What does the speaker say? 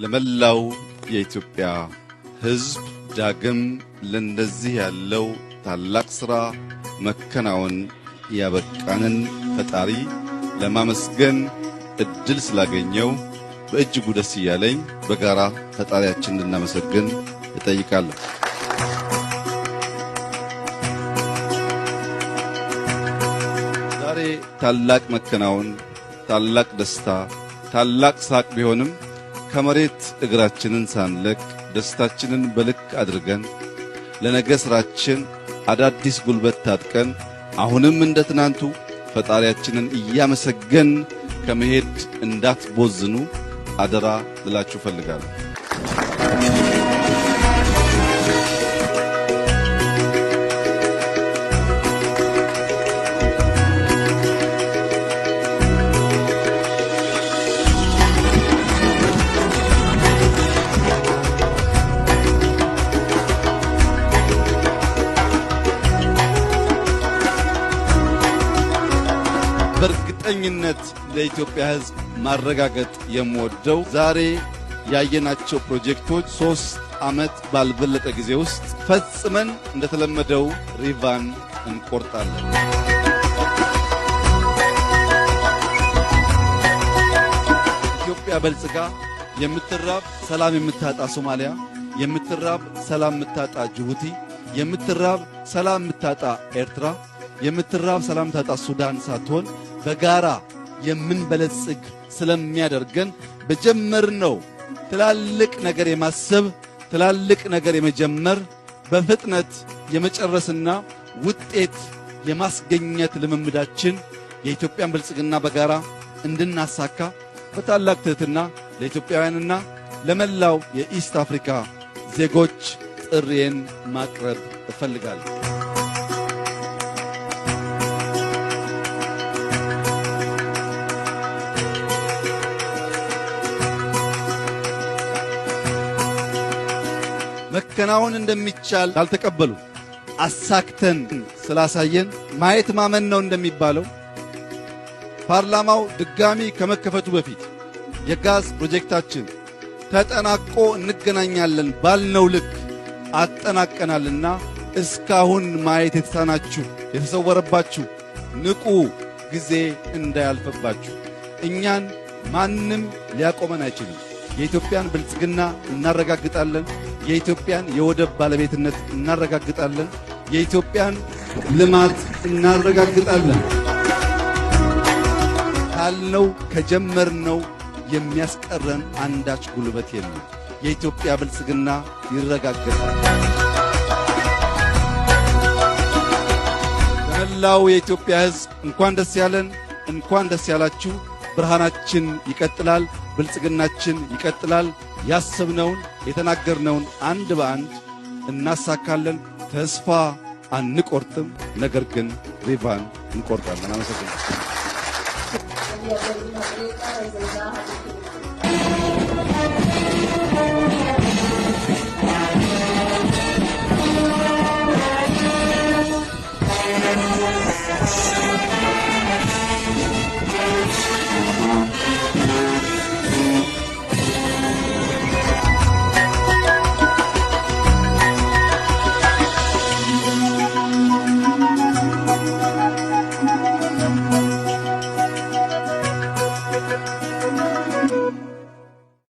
ለመላው የኢትዮጵያ ሕዝብ ዳግም ለእንደዚህ ያለው ታላቅ ሥራ መከናወን ያበቃንን ፈጣሪ ለማመስገን እድል ስላገኘው በእጅጉ ደስ እያለኝ በጋራ ፈጣሪያችን እንድናመሰግን እጠይቃለሁ። ዛሬ ታላቅ መከናወን፣ ታላቅ ደስታ፣ ታላቅ ሳቅ ቢሆንም ከመሬት እግራችንን ሳንለቅ ደስታችንን በልክ አድርገን ለነገ ሥራችን አዳዲስ ጉልበት ታጥቀን አሁንም እንደ ትናንቱ ፈጣሪያችንን እያመሰገን ከመሄድ እንዳትቦዝኑ አደራ ልላችሁ ፈልጋለሁ። በእርግጠኝነት ለኢትዮጵያ ሕዝብ ማረጋገጥ የምወደው ዛሬ ያየናቸው ፕሮጀክቶች ሶስት ዓመት ባልበለጠ ጊዜ ውስጥ ፈጽመን እንደተለመደው ሪቫን እንቆርጣለን። ኢትዮጵያ በልጽጋ የምትራብ ሰላም የምታጣ ሶማሊያ፣ የምትራብ ሰላም የምታጣ ጅቡቲ፣ የምትራብ ሰላም የምታጣ ኤርትራ፣ የምትራብ ሰላም የምታጣ ሱዳን ሳትሆን በጋራ የምንበለጽግ ስለሚያደርገን በጀመርነው ትላልቅ ነገር የማሰብ ትላልቅ ነገር የመጀመር በፍጥነት የመጨረስና ውጤት የማስገኘት ልምምዳችን የኢትዮጵያን ብልጽግና በጋራ እንድናሳካ በታላቅ ትህትና ለኢትዮጵያውያንና ለመላው የኢስት አፍሪካ ዜጎች ጥሪዬን ማቅረብ እፈልጋለሁ። ማከናወን እንደሚቻል አልተቀበሉ። አሳክተን ስላሳየን ማየት ማመን ነው እንደሚባለው ፓርላማው ድጋሚ ከመከፈቱ በፊት የጋዝ ፕሮጀክታችን ተጠናቆ እንገናኛለን ባልነው ልክ አጠናቀናልና እስካሁን ማየት የተሳናችሁ የተሰወረባችሁ ንቁ፣ ጊዜ እንዳያልፈባችሁ። እኛን ማንም ሊያቆመን አይችልም። የኢትዮጵያን ብልጽግና እናረጋግጣለን። የኢትዮጵያን የወደብ ባለቤትነት እናረጋግጣለን። የኢትዮጵያን ልማት እናረጋግጣለን ካልነው ከጀመርነው የሚያስቀረን አንዳች ጉልበት የለም። የኢትዮጵያ ብልጽግና ይረጋገጣል። በመላው የኢትዮጵያ ሕዝብ እንኳን ደስ ያለን፣ እንኳን ደስ ያላችሁ። ብርሃናችን ይቀጥላል፣ ብልጽግናችን ይቀጥላል። ያሰብነውን የተናገርነውን አንድ በአንድ እናሳካለን። ተስፋ አንቆርጥም፣ ነገር ግን ሪቫን እንቆርጣለን። አመሰግናለሁ።